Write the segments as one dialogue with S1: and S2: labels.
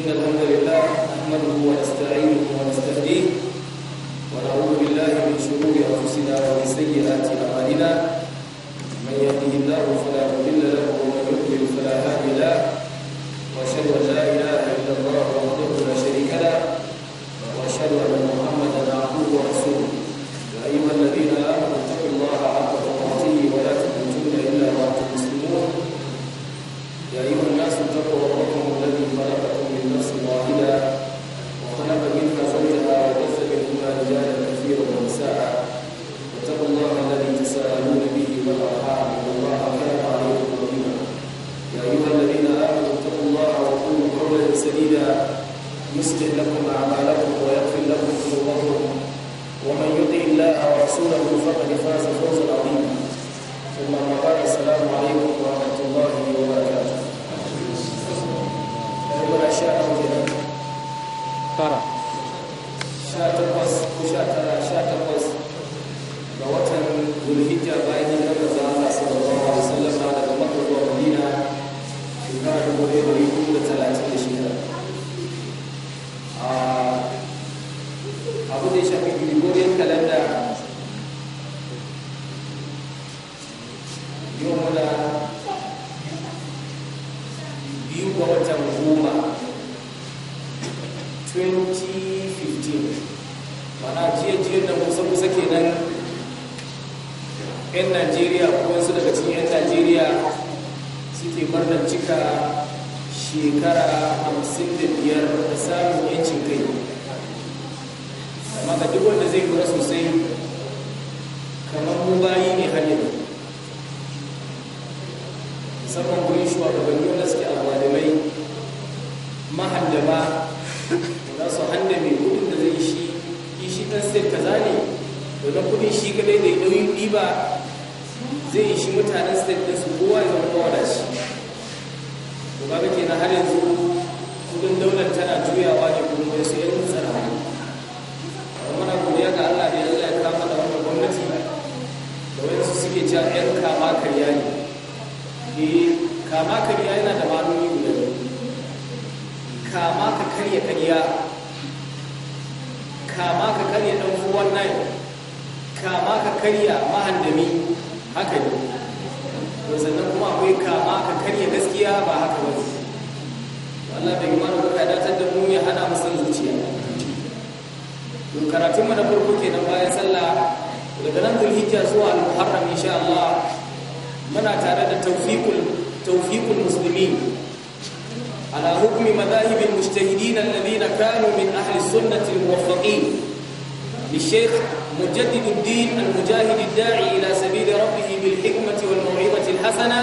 S1: إن الحمد لله نحمده ونستعينه ونستهديه ونعوذ بالله من شرور أنفسنا ومن سيئات أعمالنا sha takwas ko sha tara sha takwas ga watan zulhijja bayan hijirar manzon da sallallahu alaihi wasallam daga Makka zuwa Madina shekara 1436 shekara hamsin da biyar da samun yancin kai amma ga duk wanda zai kura sosai kamar mu bayi ne har yanzu musamman gurin shugabanni wanda suke alwalimai mahallama
S2: za su handa mai kudin da zai shi shi ɗan sai kaza ne domin kudin shi kadai da ya ɗi ɗiba zai shi mutanen state da su
S1: kowa ya zama kowa da shi to ba kake na har yanzu juyawa da kuma sai ya tsara muna godiya ga Allah da Allah ya kama da wannan gwamnati da wayansu suke cewa yan kama karya ne eh kama karya yana
S2: da malumi guda kama ka karya karya kama ka karya dan fuwan nai kama ka karya mahandami haka ne to sannan kuma akwai kama ka karya gaskiya ba haka ba Allah bai mana karatun mu na farko kenan bayan sallah daga nan hijja zuwa al-muharram insha Allah muna tare da tawfiqul tawfiqul muslimin ala hukmi madahib al-mujtahidin alladhina kanu min ahli sunnah al-muwaffaqin li shaykh mujaddid al-mujahid ad-din للشيخ مجدد الدين المجاهد الداعي إلى سبيل ربه بالحكمة al الحسنة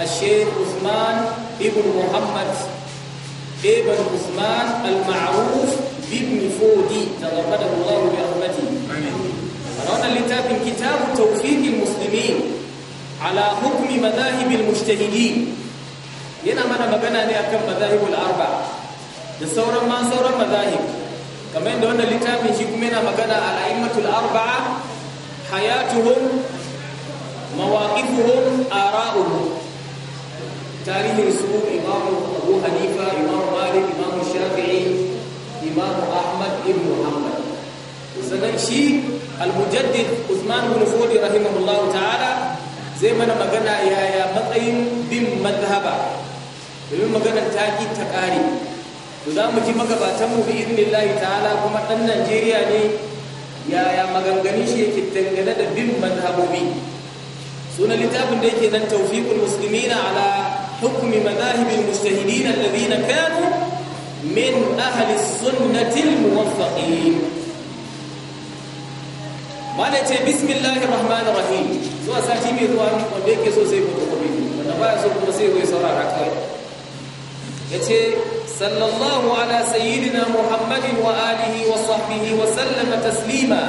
S2: الشيخ عثمان ابن محمد ابن عثمان المعروف بابن فودي تغمده الله برحمته قرانا لتاب كتاب توفيق المسلمين على حكم مذاهب المجتهدين yana mana magana ne akan mazahibul arba da sauran ma sauran mazahib kamar yadda wannan littafin shi kuma yana magana al'aimatul arba'a hayatuhum mawaqifuhum ara'uhum tarihin su imam Abu Hanifa imam Malik imam Shafi'i imamu ahmad ibn muhammad sannan shi almujaddid usman ibn fudi rahimahullahu ta'ala zai mana magana yaya matsayin bin madhhaba domin maganar ta ki ta kare to za mu ji magabatan mu bi idnillahi ta'ala kuma dan Najeriya ne yaya maganganun shi yake dangane da bin madhhabobi sunan littafin da yake nan tawfiqul muslimina ala hukmi madahib al-mujtahidin alladhina kanu من أهل السنة الموفقين ما نتي بسم الله الرحمن الرحيم سوى ساتي مي زوا wanda yake so sai mutu
S1: gobe wanda baya so kuma sai ya saurara kai
S2: yace sallallahu ala sayyidina muhammadin wa alihi wa sahbihi wa sallama taslima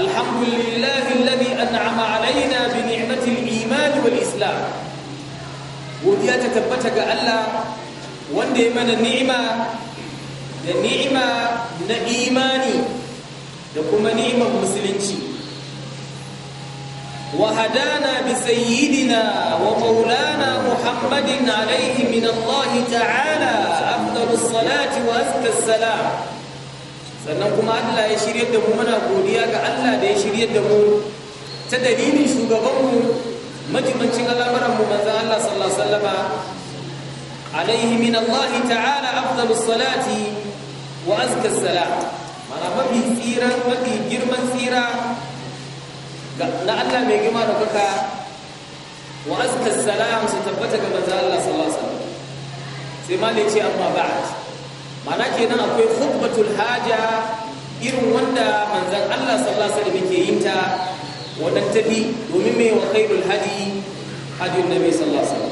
S2: alhamdulillahi alladhi an'ama alaina bi ni'mati al wal islam godiya ta tabbata ga Allah wanda ya mana ni'ima da ni'ima na imani da kuma ni'imar musulunci wa bi sayyidina wa maulana muhammadin alaihi min Allah ta'ala afdalus salati salam sannan kuma Allah ya shirye da mu muna godiya ga Allah da ya shirye da mu ta dalilin shugabanmu majimancin al'amuran mu manzon Allah sallallahu alaihi wasallama alaihi min Allah ta'ala afdalus salati mana mafi tsira mafi girman tsira na Allah mai da kuka wa azka su tabbata ga manzo Allah sallallahu alaihi sai malai ce amma ba'd mana kenan akwai khutbatul haja irin wanda manzon Allah sallallahu alaihi wasallam yake yinta ta
S1: wannan tafi
S2: domin mai wa khairul hadi hadiyun nabi sallallahu alaihi wasallam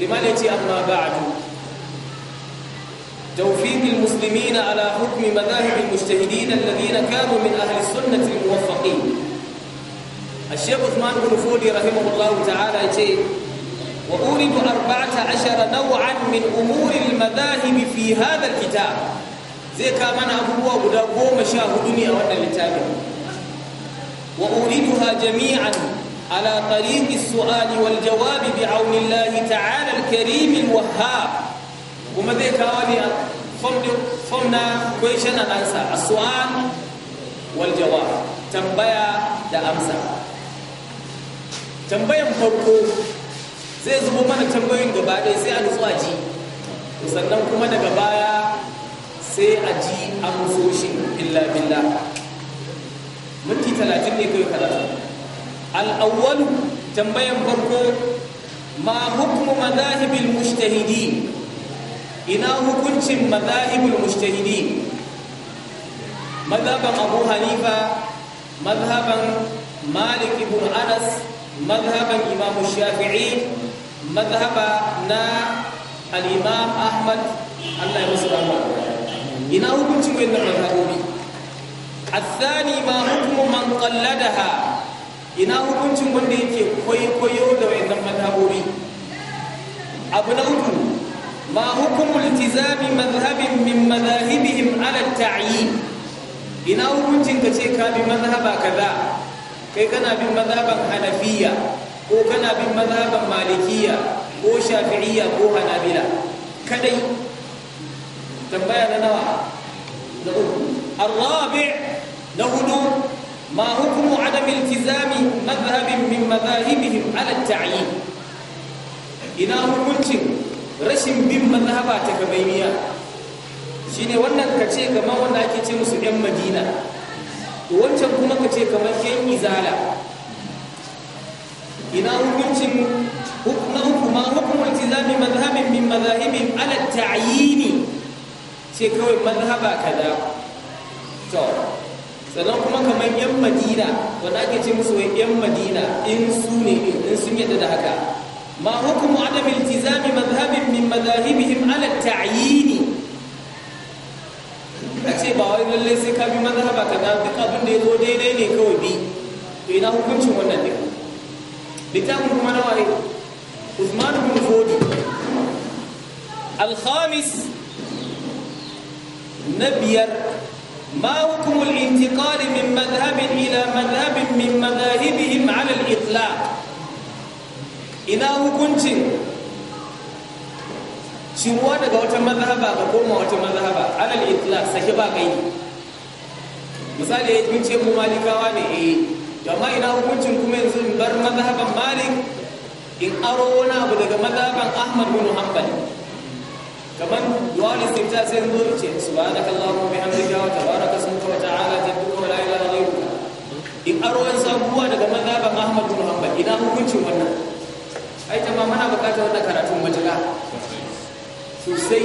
S2: لماذا يأتي أما بعد توفيق المسلمين على حكم مذاهب المجتهدين الذين كانوا من أهل السنة الموفقين الشيخ عثمان بن فودي رحمه الله تعالى يتي وأورد أربعة عشر نوعا من أمور المذاهب في هذا الكتاب زي كمان أبوه ودا قوم شاهدني أولا لتابعه وأوردها جميعا على طريق السؤال والجواب بعون الله تعالى الكريم الوهاب وما ذيك فمنا question and a السؤال والجواب تنبيا da amsa tambayan farko zai zubo mana tambayoyin gaba sai a nutsu a ji sannan kuma daga baya sai a ji amsoshin illa billah minti talatin ne kai al'awwalu tambayan farko ma hukmu madahibul mujtahidi ina hukuncin madahibul mujtahidi madhaban abu hanifa madhaban malik ibn anas madhaban imam shafi'i madhaba na al-imam ahmad Allah ya musu rahama ina hukuncin wannan madhabobi الثاني ما حكم من قلدها ina hukuncin wanda yake kwaikwayo da wayannan madhabobi abu na uku ma hukumul iltizami madhhabin min madhahibihim ala tayin ina hukuncin ka ce ka bi madhhaba kaza kai kana bin madhaban hanafiya ko kana bin madhaban malikiya ko shafi'iyya ko hanabila kadai tambaya na nawa na uku na hudu ما حكم عدم التزام مذهب من مذاهبهم على التعيين ina hukuncin rashin bin mazhaba ta gabaimiya shine wannan kace kamar wanda ake ce musu ɗan madina wancan kuma kace kamar yan izala ina hukuncin hukuma hukuma hukumar tizami mazhabin min mazahibin ala ta'yini ce kawai mazhaba kaza to sannan kuma kamar yan madina wanda ake ce musu wai yan madina in su ne in sun yadda da haka ma hukumu adam iltizami madhhabin min madahibihim ala ta'yini ka ce ba wai lalle sai ka bi madhhaba ka ga duk abin da yazo daidai ne kawai bi to ina hukuncin wannan ne littafin kuma na waye Usman ibn Fodi al-khamis na biyar ما حكم الانتقال من مذهب إلى مذهب من مذاهبهم على الإطلاق إذا كنت daga wata mazhaba ka koma wata mazhaba alal itlaq sake ba kai misali ya mu malikawa ne eh amma ina hukuncin kuma yanzu in bar mazhaban malik in aro wani abu daga mazhaban ahmad bin kaman du'a istifta sai zo yace subhanakallahumma bihamdika wa tabaraka ismuka wa ta'ala jadduka wa la ilaha ghayruka in arwan sabuwa daga mazhaban Ahmad bin Hanbal ina hukuncin wannan ai jama'a muna bukatar wannan karatun majala sosai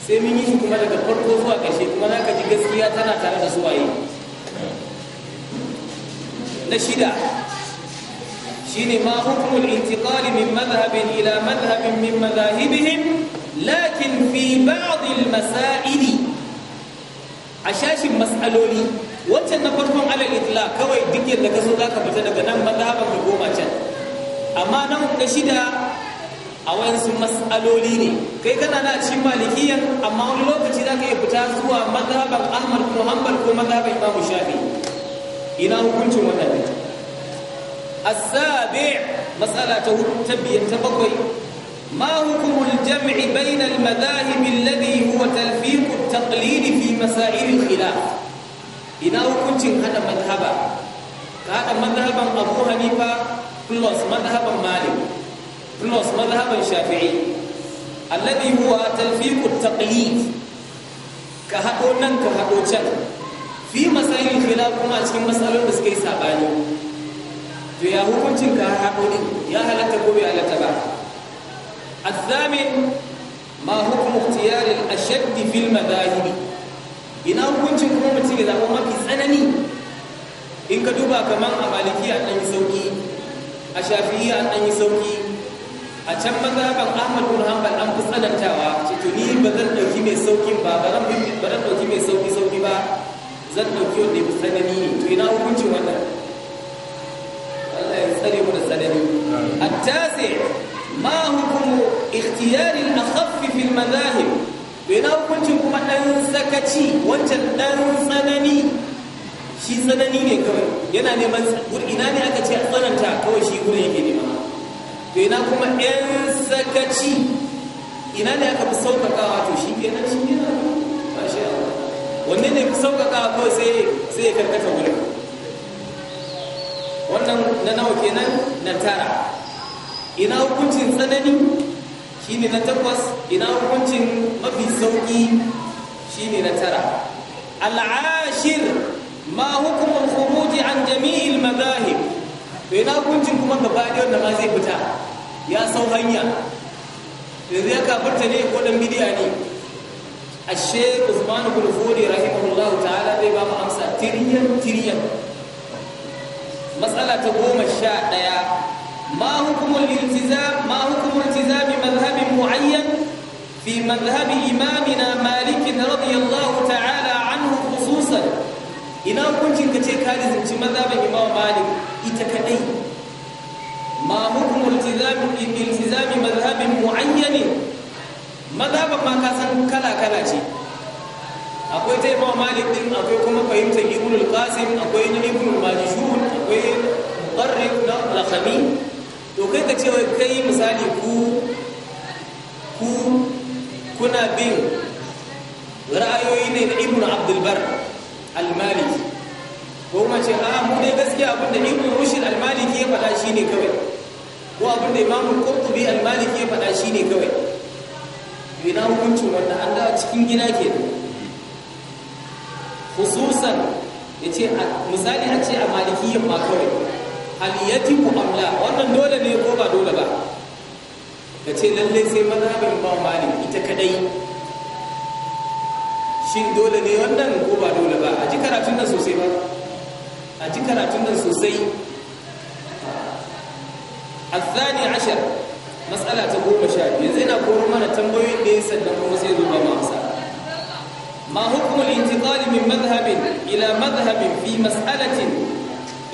S2: sai mun yi shi kuma daga farko zuwa kashe kuma za ka ji gaskiya tana tare da su waye na shida shine ma hukumul intiqali min madhhabin ila madhhabin min madhahibihim lakin fi ba'dil masaili a shashin mas'aloli wancan na farkon alal itla kawai duk yadda ka so zaka fita daga nan mazhaban ka goma can amma nan da shida a wayansu mas'aloli ne kai kana na cikin malikiyan amma wani lokaci zaka iya fita zuwa mazhaban ahmad ko hanbal ko mazhaban imam shafi ina hukuncin wannan ne as-sabi mas'ala ta bakwai ما حكم الجمع بين المذاهب الذي هو تلفيق التقليد في مسائل الخلاف ina hukuncin hada madhaba ka hada Abu Hanifa plus madhaban Malik plus madhaban Shafi'i alladhi huwa talfiq at ka hado nan hado can fi masail khilaf kuma cikin masalolin da suka yi sabani to ya hukuncin ka ya halatta ko bai ba الثامن ما حكم اختيار الأشد في المذاهب ina hukuncin kuma mutum ya zaɓa mafi tsanani in ka duba kamar a malikiya an yi sauki a shafi'iya an yi sauki a can mazhaban ahmad bin hanbal an fi tsanantawa ce to ni ba zan ɗauki mai ba ba zan ɗauki mai sauki ba zan ɗauki wanda ya fi tsanani to ina hukuncin wannan Allah ya tsare mu da tsanani at-tasi ma hukum ikhtiyarin akhaffi fil madahib to yana hukuncin kuma dan sakaci wancan dan tsanani shi tsanani ne kawai yana neman ina ne aka ce tsananta kawai shi gurin yake nema to yana kuma yan zakaci. ina ne aka fi sauƙaƙawa to shi ke kenan shi ne ba shi wanne ne fi sauƙaƙawa kawai sai sai ya karkata gurin wannan na nawa kenan na tara ina hukuncin tsanani shi ne na takwas ina hukuncin mafi sauƙi shi ne na tara al'ashir ma hukumin khuruji an jami'il mazahib to ina hukuncin kuma gaba da wanda ma zai fita ya sau hanya yanzu ya kafarta ne ko dan bidiya ne ashe Usman ibn Fudi rahimahullahu ta'ala zai ba mu amsa tiriyan tiriyan matsala ta goma sha ɗaya ما حكم الالتزام ما حكم التزام مذهب معين في مذهب امامنا مالك رضي الله تعالى عنه خصوصا ان كنت كتي كتير في مذهب امام مالك اتكدي ما حكم التزام الالتزام مذهب معين مذهب ما كان كلا كلا شيء akwai ta imam malik din akwai kuma fahimtar ibn al-qasim akwai ibn al-majishun akwai qarrib da al-khamis to kai ka ce kai misali ku ku kuna bin ra'ayoyi ne na ibnu abdulbar almaliki ko kuma ce a mu dai gaskiya abinda ibnu rushin almaliki ya faɗa shi ne kawai ko abinda imamul qurtubi almaliki ya faɗa shi ne kawai ina hukuncin wanda an da cikin gina ke khususan yace misali a ce a malikiyyar ma kawai hal yatimu am la wannan dole ne ko ba dole ba ka ce lalle sai mazhabin ba Malik ita kadai shin dole ne wannan ko ba dole ba a ji karatun nan sosai ba a ji karatun nan sosai الثاني عشر matsala ta goma sha biyu zai na koro mana tambayoyin da ya sannan kuma sai zuba masa ma hukumul intiqali min madhhabin ila madhhabin fi mas'alatin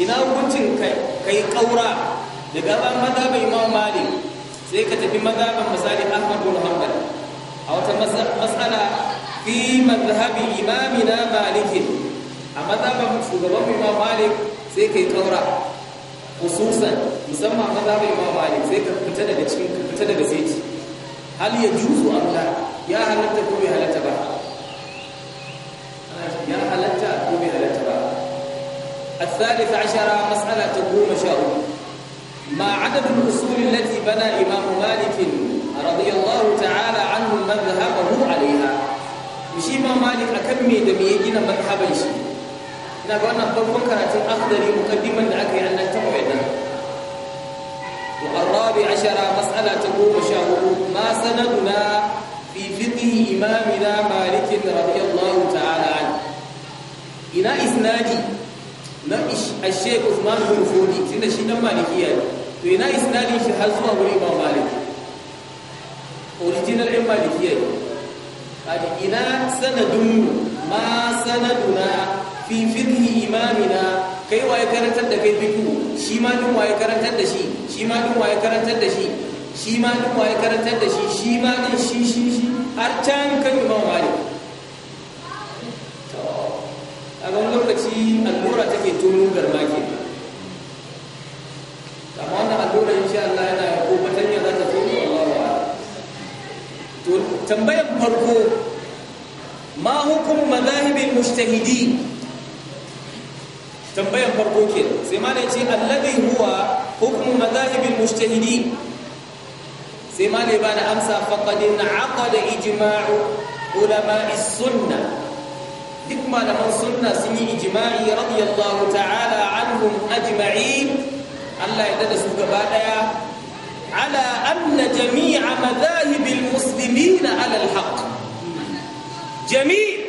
S2: ina hukuncin kai kai ƙaura daga ban mazhabin imam malik sai ka tafi mazhabin misali ahmad bin hanbal a wata matsala, fi mazhabi imamina malik a mazhabin shugaban imam malik sai kai ƙaura. khususan musamman mazhabin imam malik sai ka fita daga cikin ka fita daga saiti hal ya juzu amla ya halatta ko bai halatta ba ya halatta ko الثالث عشر مسألة قوم شاء ما عدد الأصول التي بنى إمام مالك رضي الله تعالى عنه مذهبه عليها وشيما مالك أكمي دميجنا مذهبا شيء ina ga wannan farkon karatun akhdari mukaddiman da aka yi annan ta mu'ayyan
S1: wa arabi ashara
S2: mas'ala ta goma sha hudu ma sanaduna fi fiqhi imamina malik radiyallahu ta'ala ina isnadi na ashe Usman bin Fodi tunda shi nan malikiya ne to ina isnadin shi har zuwa wurin Imam Malik original ɗin malikiya ne kaji ina sanadun ma sanaduna fi fiqhi imamina kai waye karantar da kai fiqhu shi ma din waye karantar da shi shi ma din waye karantar da shi shi ma din waye karantar da shi shi ma din shi shi shi har can kan Imam Malik a ga lokaci allura take tono garma ke amma wannan allura insha Allah yana ko fatanya za ta tono Allah wa to tambayan farko ma hukum al mujtahidi tambayan farko ke sai ma ne ce alladhi huwa hukmu al mujtahidi sai ma ne bana amsa faqad na'aqada ijma'u ulama'i sunnah duk malaman sunna sun yi ijma'i radiyallahu ta'ala anhum ajma'in Allah ya dada su gaba daya ala anna jami'a madhahibil muslimina ala alhaq jami'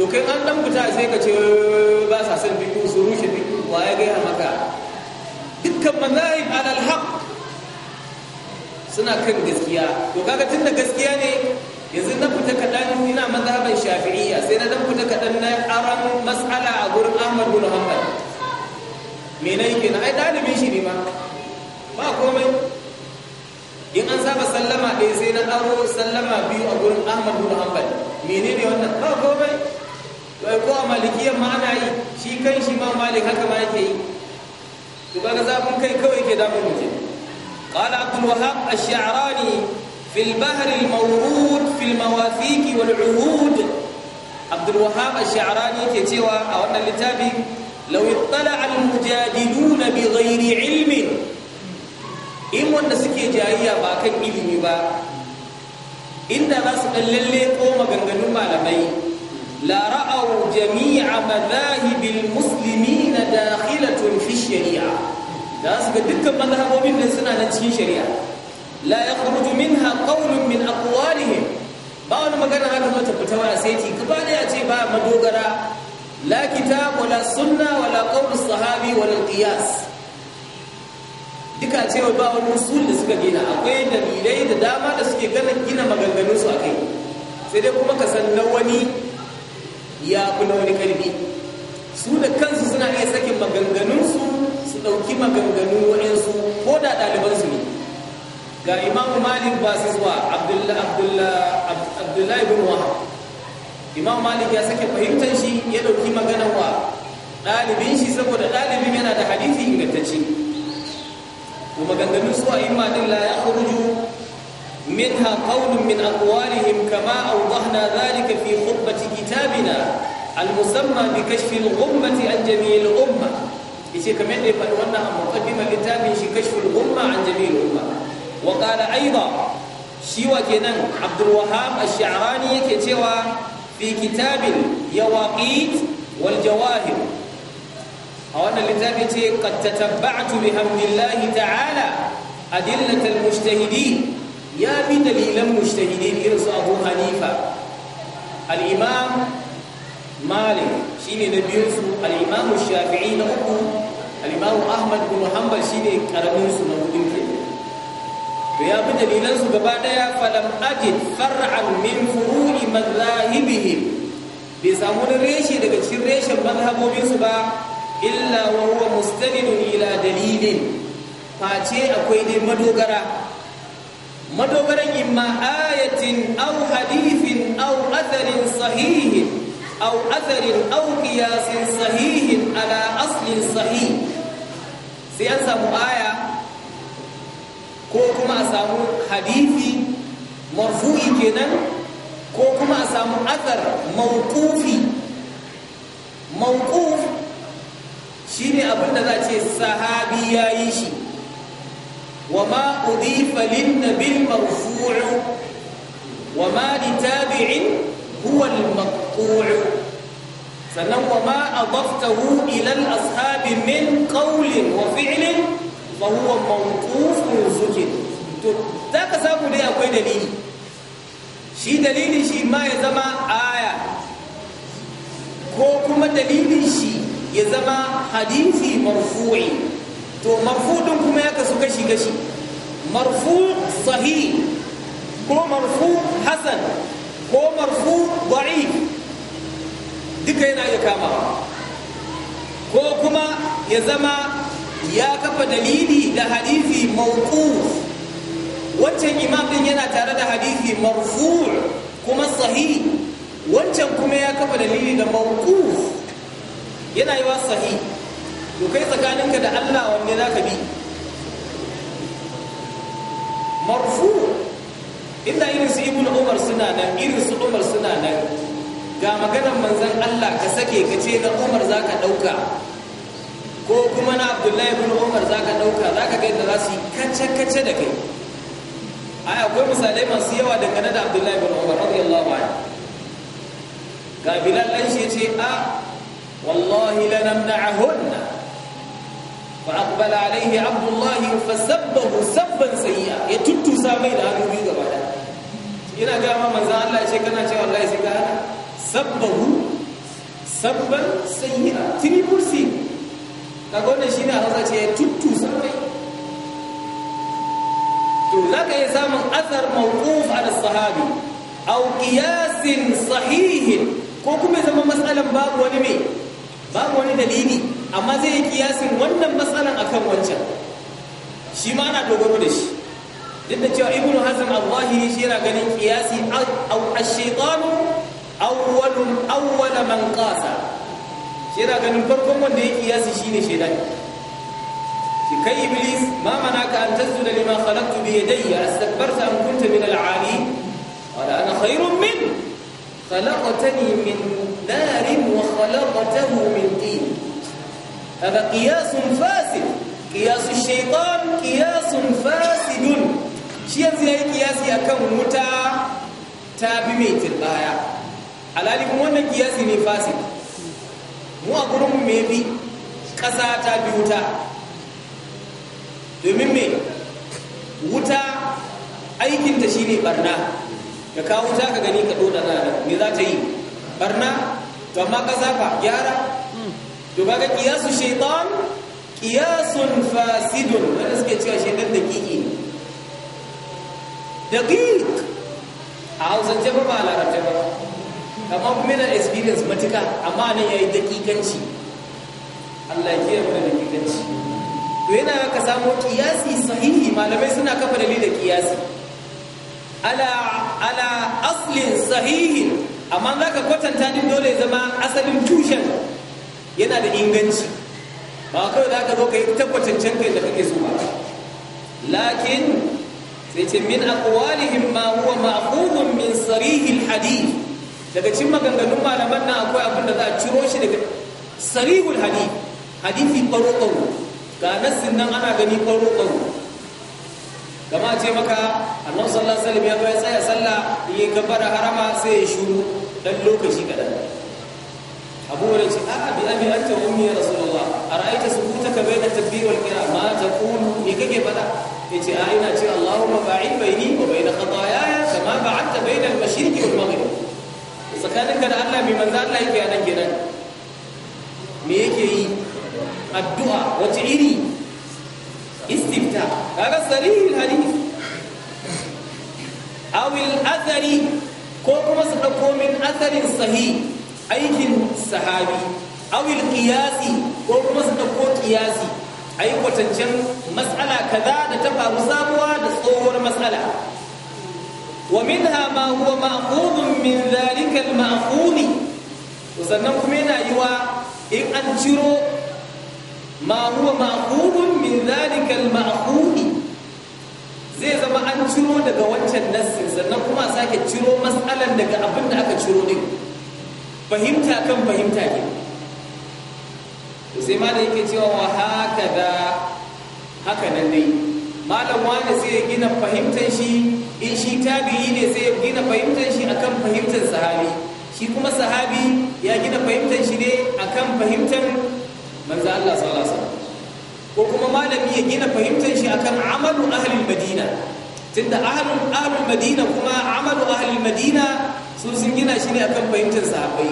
S2: to kai an dan fita sai ka ce eh, ba sa san fiqh su rushe fiqh wa ya gaya maka dukkan madhahib ala alhaq suna kan gaskiya to kaga tunda gaskiya ne yanzu na fita kaɗan ina mazhaban shafi'i aran mas'ala a gurin Ahmad bin Hanbal me yake na ai dalibin shi ne ma ba komai in an saba sallama ɗaya sai na aro sallama biyu a gurin Ahmad bin Hanbal menene wannan ba komai bai ko a malikiyar ma ana yi shi kan shi ma malik haka ma yake yi to kaga zafin kai kawai ke damun mutum قال عبد الوهاب الشعراني في البحر المورود في المواثيق والعهود abdulwahab wahhab ash ke cewa a wannan littafi law ittala al-mujadiduna bi ghairi ilmin in wanda suke jayayya ba kan ilimi ba inda za su dan lalle ko maganganun malamai la ra'aw jami'a madhahibil muslimina dakhilatun fi shari'a da su ga dukkan mazhabobin da suna nan cikin shari'a la yakhruju minha qawlun min aqwalihim ba wani magana haka zo ta fita wa sai ti ce ba madogara la kitab wala sunna wala qawl sahabi wala qiyas duka ce ba wani usul da suka gina akwai dalilai da dama da suke gana gina maganganun su akai sai dai kuma ka san na wani ya fi na wani karfi su da kansu suna iya sakin maganganun su su dauki maganganun wa'ansu ko da ɗaliban su ne ga imamu malik ba su zuwa abdullahi bin wahab imam malik ya sake fahimtar shi ya ɗauki magana wa ɗalibin shi saboda ɗalibin yana da hadisi ingantacce Kuma maganganun su a imma din la ya khuruju minha qawlun min aqwalihim kama awdahna dhalika fi khutbati kitabina al-musamma bi kashfi al-ghummati an jami'il ummah yace kamar da ya faɗi wannan a muqaddimar littafin shi kashful umma an jami'il ummah wa qala aidan shi wa kenan abdul wahhab ash-sha'rani yake cewa fi kitabin yawaqit wal jawahir a wannan littafi ce kata tatabba'tu bi ta'ala adillatal mujtahidin ya bi dalilan mujtahidin irin su Abu Hanifa al-Imam Malik shine na al-Imam Shafi'i na uku al-Imam Ahmad bin Hanbal shine karamin su na hudu to ya bi dalilan su gaba daya falam ajid far'an min furu'i madhahibihim bai samu reshe daga cikin reshen mazhabobin su ba illa wa huwa mustanidun ila dalilin face akwai dai madogara madogaran imma ayatin aw hadithin aw atharin sahihin aw atharin aw qiyasin sahihin ala aslin sahih sai an samu aya ko kuma a samu hadithi marfu'i kenan ko kuma a samu athar mawqufi mawquf shine abin da za ce sahabi yayi shi wa ma udifa lin nabil marfu'u wa ma li tabi'in maqtu'u sannan wa ma adaftahu ila al ashabi min qawlin wa fi'lin fa huwa mawqufun zikr to zaka samu dai akwai dalili shi dalilin shi ma ya zama aya ko kuma dalilin shi ya zama hadisi marfu'i to marfu'in kuma ya kasu kashi kashi marfu sahih ko marfu hasan ko marfu da'if duka yana iya kamawa ko kuma ya zama ya kafa dalili da hadithi mawquf wancan imam din yana tare da hadithi marfu' kuma sahih wancan kuma ya kafa dalili da mawquf yana yi wa sahih to kai tsakaninka da Allah wanne zaka bi marfu inda irin su ibnu umar suna nan irin su umar suna nan ga maganar manzon Allah ka sake ka ce da umar zaka dauka ko kuma na abdullahi bin umar za ka ɗauka za ka ga yadda za su yi kace-kace da kai ai akwai misalai masu yawa dangane da abdullahi bin umar ba ya ga bilal ɗan shi ce a wallahi a fa aqbala alaihi abdullahi fa sabbahu sabban sayyi'a ya tuttusa mai da hannu biyu gaba da ina ga ma manzo Allah ce kana cewa wallahi sai ka hana sabbahu sabban sayyi'a tribul kaga wannan ne a hausa ce tuttusa sarai to zaka iya samun asar mawquf ala sahabi Au kiyasin sahihin ko kuma zama matsalan babu wani mai babu wani dalili amma zai yi kiyasin wannan matsalan akan wancan shi ma ana dogaro da shi duk da cewa ibnu hazm allahi shi yana ganin kiyasi au ash Awwalu. awwala man qasa shi yana ganin farkon wanda ya kiyasi shi shine shaidan shi kai iblis ma ka an tasjuda lima khalaqtu bi yadayya astakbarta an kunta min al wala ana khayrun min khalaqtani min narin wa khalaqtahu min tin هذا قياس فاسد قياس الشيطان قياس فاسد shi yanzu ya yi kiyasi akan wuta ta bi mai tilbaya alhali kuma wannan kiyasi ne fasid mu a gurin mu mai bi ƙasa ta bi wuta domin me wuta aikinta shi ne barna ka kawo wuta ka gani ka ɗoda rana me za ta yi barna to amma ƙasa fa gyara to ba ga kiyasu shaitan ƙiyasun fasidun wanda suke cewa shaitan da da daƙiƙ a hausance ba ba a larabce ba amma kuma yana experience matuka amma nan yayi dakikanci Allah ya kiyaye mana dakikanci to yana ka samu kiyasi sahihi malamai suna kafa dalili da kiyasi ala asalin aslin sahihin amma zaka kwatanta din dole zama asalin tushen yana da inganci ba kawai zaka zo ka yi tabbatancen kai da kake so ba lakin sai ce min aqwalihim ma huwa ma'qulun min sarihil hadith daga cin maganganun malaman nan akwai abin da za a ciro shi daga sarihul hadith hadithi faro faro ga nassin nan ana gani faro faro
S1: Gama ce maka annabi sallallahu alaihi wasallam ya bai tsaya sallah
S2: yi gabara harama sai ya shuru dan lokaci kadan abu wanda ce a abi abi anta ummi ya rasulullah ara'aita sukutaka baina takbir wal qira ma taqulu me kake fada yace a ina ce allahumma ba'id baini wa baina khataaya kama ba'adta baina al-mashriqi wal maghrib tsakaninka da Allah mai manzo Allah yake nan gidan. me yake yi addu'a wace iri istifta kaga sarihil hadith aw al athari ko kuma su dauko min atharin sahi aikin sahabi aw al qiyasi ko kuma su dauko qiyasi ai kwatancen mas'ala kaza da ta faru sabuwa da tsohuwar mas'ala ومنها ما هو مأخوذ من ذلك المأخوذ وسنن kuma yana yiwa in an ciro ma huwa ma'khudun min dhalika al zai zama an ciro daga wancan nassin sannan kuma sake ciro matsalan daga abin da aka ciro din fahimta kan fahimta ne sai ma da yake cewa wa haka da haka nan dai malam wani sai ya gina fahimtar shi in shi tabi'i ne sai ya gina fahimtar shi akan fahimtar sahabi shi kuma sahabi ya gina fahimtar shi ne akan fahimtar manzo Allah sallallahu alaihi wasallam ko kuma malami ya gina fahimtar shi akan amalu ahlul madina tunda ahlul ahlul madina kuma amalu ahlul madina su sun gina shi ne akan fahimtar sahabbai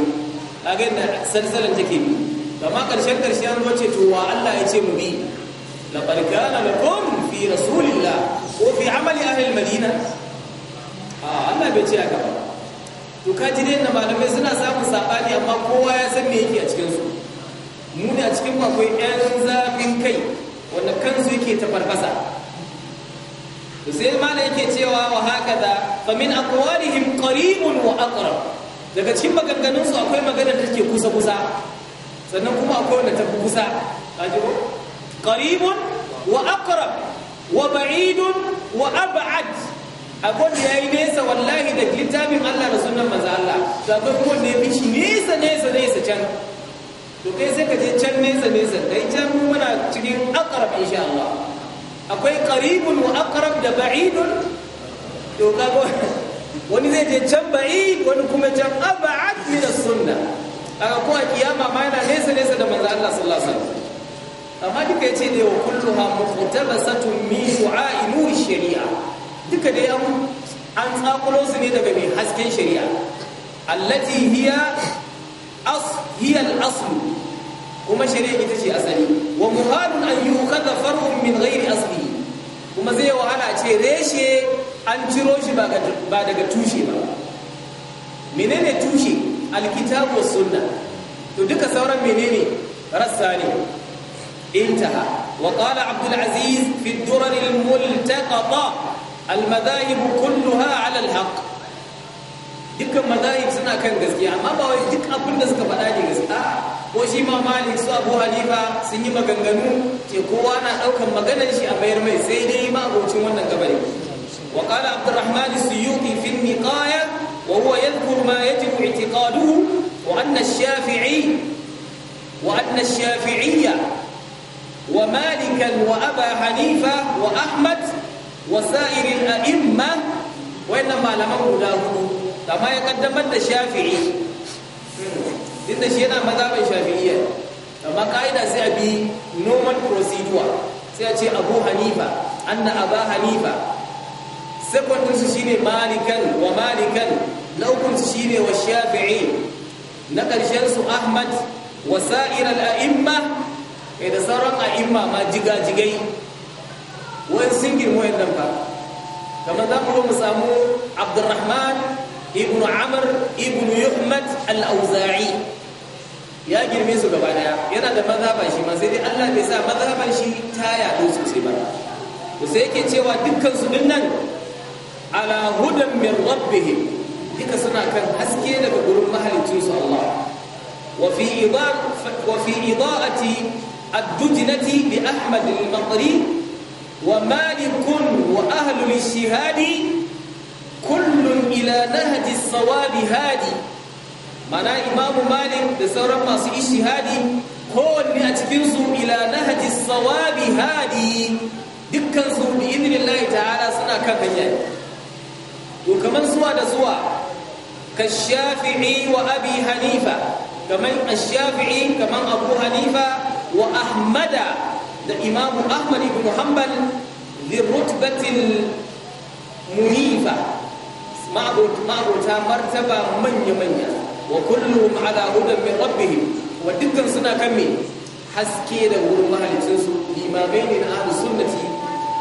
S2: kaga yadda sarsalan take bi amma karshen karshen an zo ce to wa Allah ya ce mu bi laqad kana lakum fi rasulillah ko fi amali ahlil madina a Allah bai ce haka ba to ka ji dai malamai suna samun sabani amma kowa ya san me yake a cikin su mu ne a cikin akwai yan zafin kai wanda kansu yake ta farfasa to sai mala yake cewa wa haka hakaza fa min aqwalihim qaribun wa aqrab daga cikin maganganun su akwai magana da take kusa kusa sannan kuma akwai wanda ta fi kusa kaji ko qaribun وأقرب وبعيد وأبعد akwai da ya yi nesa wallahi da littafin Allah da sunan maza Allah zaɓe kuma da ya fi shi nesa nesa nesa can to kai sai ka je can nesa nesa dai can muna cikin akarab insha Allah akwai qaribun wa akarab da ba'idun to kago wani zai je can ba'id wani kuma can ab'ad min as-sunnah aka ko a kiyama ma yana nesa nesa da manzo Allah sallallahu alaihi wasallam amma duka yace ne wa kulluha muqtabasatun min shu'a'i nur shari'a duka dai an an tsakulo su ne daga mai hasken shari'a allati hiya as hiya al-asl kuma shari'a ita ce asali wa muhalun an yuqadha far'un min ghairi asli kuma zai wahala ce reshe an ciro shi ba daga tushe ba menene tushe alkitabu sunna to duka sauran menene rassa ne انتهى وقال عبد العزيز في الدرر الملتقطة المذاهب كلها على الحق دك مذاهب سنة كان غزكي يعني ما باو دك ابن دسك فداجي غزكا وشي ما مالك سو ابو حنيفه سن يي مغنغنو تي أو كم داوكان مغنن شي ابير مي سي ما غوتين wannan gabari وقال عبد الرحمن السيوطي في النقاية وهو يذكر ما يجب اعتقاده وأن الشافعي وأن الشافعية ومالكا وأبا حنيفة وأحمد وسائر الأئمة وإنما لمن أولاه كما يقدم الشافعي duk da shi yana mazhabin shafi'iyya amma ka'ida sai a bi normal procedure sai a ce abu hanifa anna aba hanifa second su shine malikan wa malikan na ukun su shine wa shafi'i na karshen su ahmad wa sa'ir al-a'imma kai eh, da sauran a'imma ma jigajigai wani singin girma ba kamar za mu mu samu abdurrahman ibn amr ibn yuhmad al-auza'i ya girme su gaba daya yana da maza shi ma sai dai Allah bai sa mazhaban shi ta yaɗo sosai ba to sai yake cewa dukkan su dinnan ala hudan min rabbihim duka suna kan haske daga gurin mahalicin su Allah wa fi idha wa fi الدجنة لأحمد المطري ومالك وأهل الشهاد كل إلى نهج الصواب هادي معنى إمام مالك بسورة ما سيشهادي كون أتكنسو إلى نهج الصواب هادي dukkansu bi'idinin lahi ta'ala suna kan hanya to kamar zuwa da zuwa ka shafi'i wa abi hanifa kamar shafi'i kamar abu hanifa wa ahmada da imamu ahmad ibn hanbal li rutbatil munifa ma'abuta martaba manya-manya wa kullum ala hudan min rabbihim wa dukkan suna kan me haske da wurin mahalicinsu limamai ne na ahlus sunnati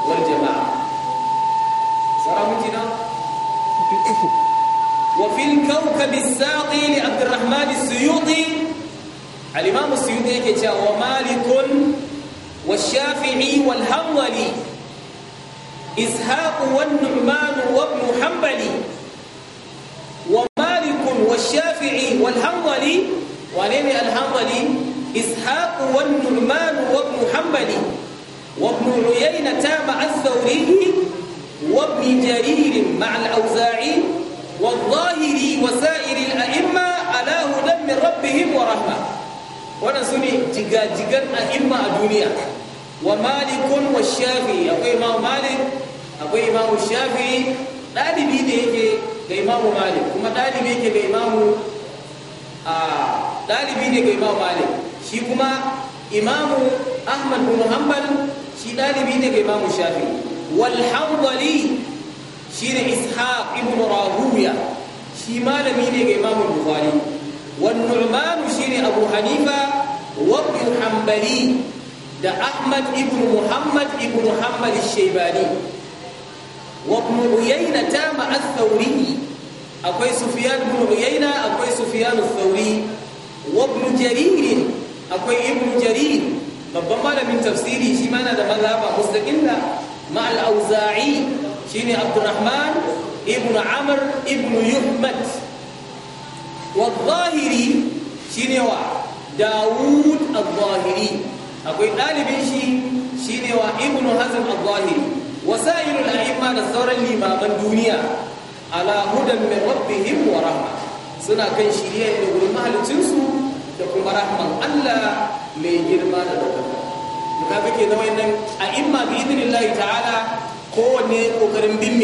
S2: wal jama'a Wa سرامتنا وفي الكوكب الساقي لعبد الرحمن السيوطي al-imam suyuti yake cewa wa malikun wa shafi'i wal hanbali ishaq wa nu'man wa ibn hanbali wa malikun wa shafi'i wal hanbali wa ne al-hanbali ishaq wa nu'man wa ibn hanbali wa ibn uyayna tama ath-thawri wa ibn jarir ma'a al-awza'i والظاهري وسائر الأئمة على هدى من ربهم ورحمة wannan su ne jigajigan a'imma a duniya wa malikun wa shafi akwai imamu malik akwai imamu shafi ɗalibi da yake ga imamu malik kuma ɗalibi yake ga imamu a ɗalibi ne ga imamu malik shi kuma imamu ahmad bin muhammad shi ɗalibi ne ga imamu shafi, wal hanbali ne ishaq ibn rahuya shi malami ne ga imamu bukhari والنعمان شين أبو حنيفة وابن الحنبلي ده أحمد ابن محمد ابن محمد الشيباني وابن عيينة تام الثوري أقوي سفيان بن عيينة أقوي سفيان الثوري وابن جرير أقوي ابن جرير ربما malamin tafsiri shi ده da mazhaba mustaqilla مع الاوزاعي auzai عبد الرحمن ibn عمر ibn يحمد والظاهري شيني wa داوود الظاهري akwai ɗalibin shi shine wa ibnu hazm al-zahiri wasailu al-a'imma da sauran limaman duniya ala hudan min rabbihim wa rahma suna kan shiriya da gurin su da kuma rahman Allah mai girma da daukaka duka kake na wayannan a'imma bi idnillahi ta'ala kowanne kokarin bin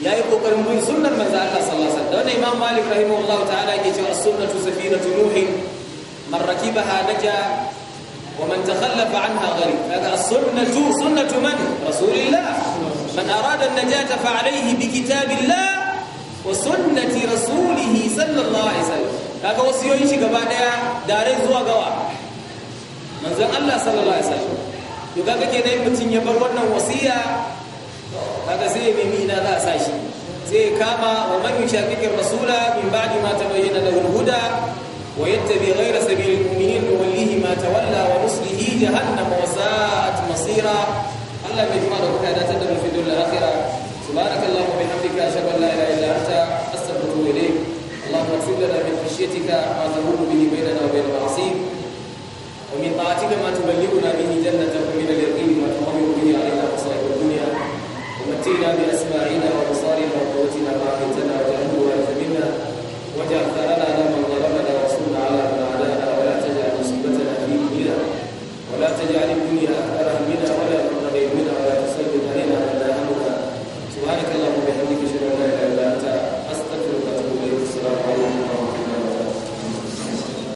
S2: ya yi ƙoƙarin bin sunar mai za a ƙasa lasa da wani imam malik rahimu allahu ta'ala ke cewa sunar tusa fi na tunuhi marraki ba ha man ta khallafa an hagari daga sunar tu sunar tu man rasulillah man arada na ja ta fa'alaihi bi wa sunnati rasulihi sallallahu alaihi sallam daga wasu yoyin gaba daya dare zuwa gawa manzan allah sallallahu alaihi sallam yau gaga ke mutum ya bar wannan wasiya kaga sai ya nemi ina za a sa shi sai ya kama wa man yushaqiqir rasula min ba'di ma tabayyana lahu al-huda wa yattabi ghayra sabilil mu'minin nuwallihi ma tawalla wa nuslihi jahannama wa sa'at masira Allah bai jima da kuka dace da mu fi
S1: dunya akhirah subhanakallahu wa bihamdika ashhadu an la ilaha illa anta astaghfiruka wa atubu اللهم اغفر لنا من خشيتك ما تهون به بيننا وبين معاصيك ومن طاعتك ما تبلغنا به جنتك ومن اليقين ما تقوم به علينا متينا بأسماعنا وابصارنا وقوتنا ما أحيتنا وجعله منا